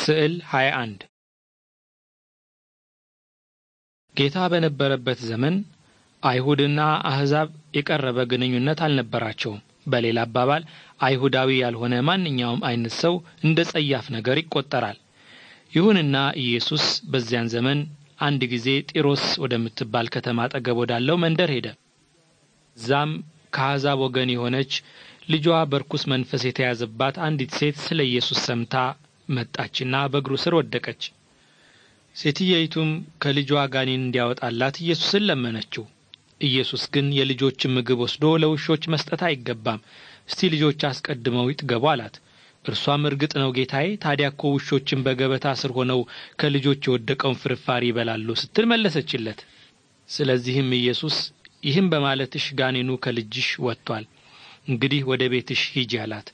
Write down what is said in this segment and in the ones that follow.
ስዕል 21 ጌታ በነበረበት ዘመን አይሁድና አሕዛብ የቀረበ ግንኙነት አልነበራቸውም። በሌላ አባባል አይሁዳዊ ያልሆነ ማንኛውም አይነት ሰው እንደ ጸያፍ ነገር ይቆጠራል። ይሁንና ኢየሱስ በዚያን ዘመን አንድ ጊዜ ጢሮስ ወደምትባል ከተማ አጠገብ ወዳለው መንደር ሄደ። እዛም ከአሕዛብ ወገን የሆነች ልጇ በርኩስ መንፈስ የተያዘባት አንዲት ሴት ስለ ኢየሱስ ሰምታ መጣችና በእግሩ ስር ወደቀች። ሴትየይቱም ከልጇ ጋኔን እንዲያወጣላት ኢየሱስን ለመነችው። ኢየሱስ ግን የልጆችን ምግብ ወስዶ ለውሾች መስጠት አይገባም፣ እስቲ ልጆች አስቀድመው ይጥገቡ አላት። እርሷም እርግጥ ነው ጌታዬ፣ ታዲያ እኮ ውሾችን በገበታ ስር ሆነው ከልጆች የወደቀውን ፍርፋሪ ይበላሉ ስትል መለሰችለት። ስለዚህም ኢየሱስ ይህም በማለትሽ ጋኔኑ ከልጅሽ ወጥቷል፣ እንግዲህ ወደ ቤትሽ ሂጂ አላት።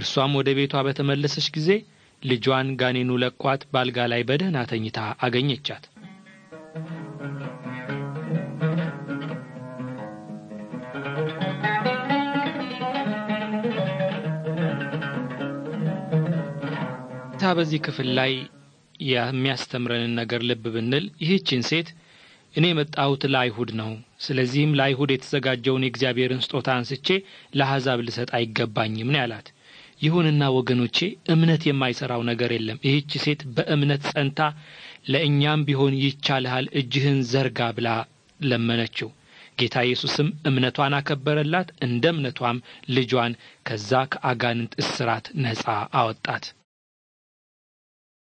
እርሷም ወደ ቤቷ በተመለሰች ጊዜ ልጇን ጋኔኑ ለቋት ባልጋ ላይ በደህና ተኝታ አገኘቻት። ታ በዚህ ክፍል ላይ የሚያስተምረንን ነገር ልብ ብንል ይህችን ሴት እኔ የመጣሁት ለአይሁድ ነው፣ ስለዚህም ለአይሁድ የተዘጋጀውን የእግዚአብሔርን ስጦታ አንስቼ ለአሕዛብ ልሰጥ አይገባኝም ነው ያላት። ይሁንና ወገኖቼ እምነት የማይሠራው ነገር የለም። ይህች ሴት በእምነት ጸንታ ለእኛም ቢሆን ይቻልሃል፣ እጅህን ዘርጋ ብላ ለመነችው። ጌታ ኢየሱስም እምነቷን አከበረላት፣ እንደ እምነቷም ልጇን ከዛ ከአጋንንት እስራት ነፃ አወጣት።